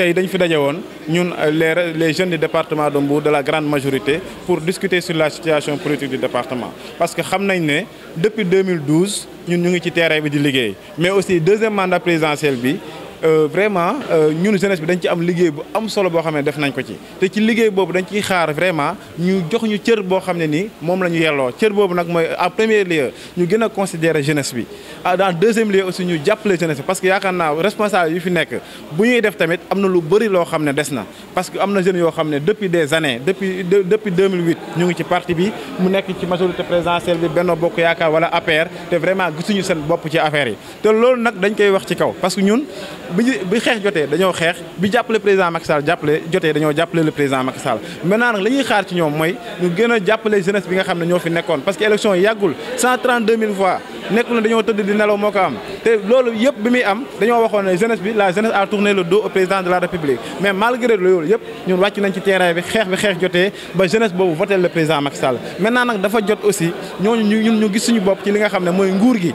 Nous euh, les jeunes du département de de la grande majorité pour discuter sur la situation politique du département parce que depuis 2012 nous avons été ci mais aussi deuxième mandat présidentiel euh, vraiment euh, ñun jeunesse bi dañ ci am liguey bu am solo bo xamné def nañ ko ci té ci liguey bobu dañ ci xaar vraiment ñu jox ñu cër bo xamné ni mom lañu la cër bobu nak moy en premier lieu ñu gëna considérer jeunesse bi ah, dans deuxième lieu aussi ñu jàppale jeunesse parce que yaakaar naa responsable yu fi nek bu ñuy def tamit amna lu bëri lo xamné ne des na parce que amna jeune yo xamné depuis des années depuis depuis 2008 ñu ngi ci parti bi mu nek ci majorité présidentielle bi Benno Bokk Yaakaar wala APR té vraiment gisuñu sen bop ci affaire yi té lool nak dañ koy wax ci kaw parce que ñun bi bi xeex jotee dañoo xeex bi jàppale président Macky Sall jàppale jotee dañoo jàppale le président Macky Sall maintenant nag la ñuy xaar ci ñoom mooy ñu gën a jeunesse bi nga xam ne ñoo fi nekkoon parce que élection yi yàggul 132 000 voix nekkul ne dañoo tëdd di nelaw moo ko am te loolu yëpp bi muy am dañoo waxoon ne jeunesse bi la jeunesse a tourné le dos au président de la république mais malgré le loolu yëpp ñun wàcc nañ ci terrain bi xeex bi xeex jotee ba jeunesse boobu voté le président Macky Sall maintenant nag dafa jot aussi ñooñu ñun ñu gis suñu bopp ci li nga xam ne mooy nguur gi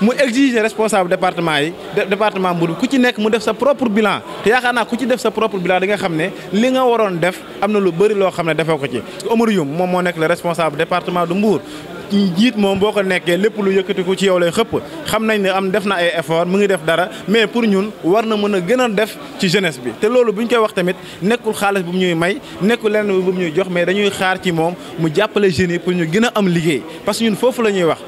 mu exiger responsable département yi département bi ku ci nekk mu def sa propre bilan te yaakaar naa ku ci def sa propre bilan di nga xam ne li nga waroon def am na lu bëri loo xam ne defoo ko ci Omar Youm moom moo nekk le responsable département du Mbour moom boo ko nekkee lépp lu yëkkati ko ci yow lay xëpp xam nañ ne am def na ay effort mu ngi def dara mais pour ñun war na mën a gën def ci jeunesse bi te loolu bu ñu koy wax tamit nekkul xaalis bu ñuy may nekkul lenn bu ñuy jox mais dañuy xaar ci moom mu jàppale jeunes yi pour ñu gën a am liggéey parce que ñun foofu la ñuy wax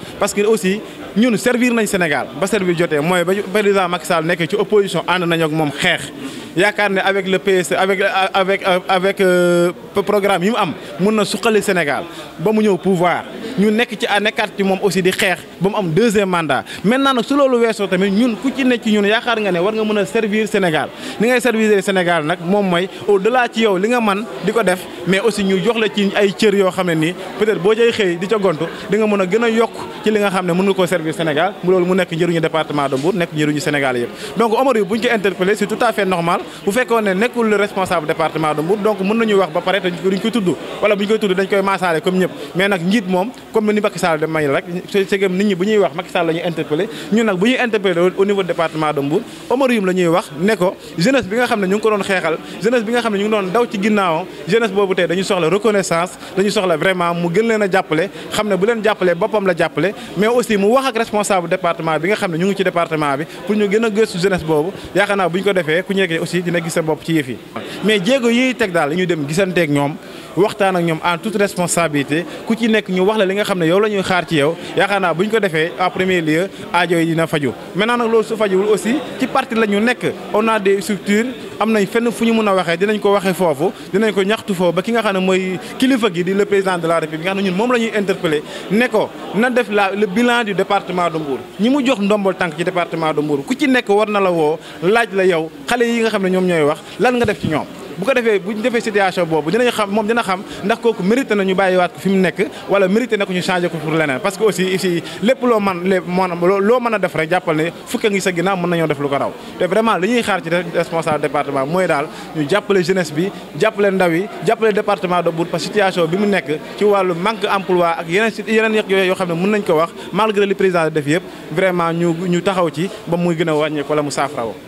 ñun servir nañ Sénégal ba servir joté moy président Macky Sall nek ci opposition and nañ ak mom xex yaakaar ne avec le PS e, avec avec avec euh, programme yi mu am mun na suqali Sénégal ba mu ñëw pouvoir ñu nekk ci à nekkaat ci moom aussi di xeex ba mu am deuxième mandat maintenant nag su loolu weesoo tamit ñun ku ci nekk ci ñun yaakaar nga ne war nga mën a servir Sénégal ni ngay servir Sénégal nag moom mooy au ci yow li nga man di ko def mais aussi ñu jox la ci ay cër yoo xam ne nii peut-être boo jay xëy di ca gontu di nga mën a gën a yokk ci li nga xam ne mën nga koo servir Sénégal mu loolu mu nekk njëriñu département de Mbour nekk njëriñu Sénégal yëpp donc Omar yu bu ñu ko interpellé c'est tout à fait normal bu fekkoon ne wax ba pare te ko tudd wala bu ñu koy tudd dañ koy maasaale comme ñëpp mais nag njiit comme ni Macky de may rek segam nit ñi bu ñuy wax Macky Sall la ñuy nag bu ñuy interpellé au niveau département de Mbour Omar Youm wax ne jeunesse bi nga xam ne ñu ngi ko doon xeexal jeunesse bi nga xam ne ñu ngi doon daw ci ginnaawam jeunesse boobu tey dañu soxla reconnaissance dañu soxla vraiment mu gën leen jàppale xam ne bu leen jàppale boppam la jàppale mais aussi mu wax responsable département bi nga xam waxtaan ak ñom en toute responsabilité ku ci nekk ñu wax la li nga xamné yow lañuy xaar ci yow yaakaar naa bu ko défé en premier lieu aajo yi dina faju maintenant nak lo su fajuwul aussi ci parti lañu ñu nekk on a des structures am nañ fenn fu ñu mën a dinañ ko waxé fofu dinañ ko ñaxtu foofu ba ki nga xamné moy kilifa gi di le président de la république nga xam ñun mom lañuy interpeller interpellé ko na def la le bilan du département de Mbour ñi mu jox ndombol tank ci département de Mbour ku ci nekk war na la wo laaj la yow xalé yi nga xamné ñom ñoy wax lan nga def ci ñom bu ko defee bu ñu defee situation boobu dinañ xam moom dina xam ndax kooku mérité na ñu bàyyiwaat ko fi mu nekk wala mérité na ko ñu changé ko pour leneen parce que aussi ici lépp loo man lépp maanaam loo mën a def rek lu ko raw te vraiment li ñuy xaar ci responsable département mooy daal ñu jàppale ndaw yi jàppale département de Mbour parce bi mu nekk ci wàllu manque emploi ak yeneen yeneen yeq yooyu yoo xam ne mën nañ ko wax malgré li président def yëpp vraiment ñu ñu taxaw ci ba muy gën a wàññeeku wala mu saafara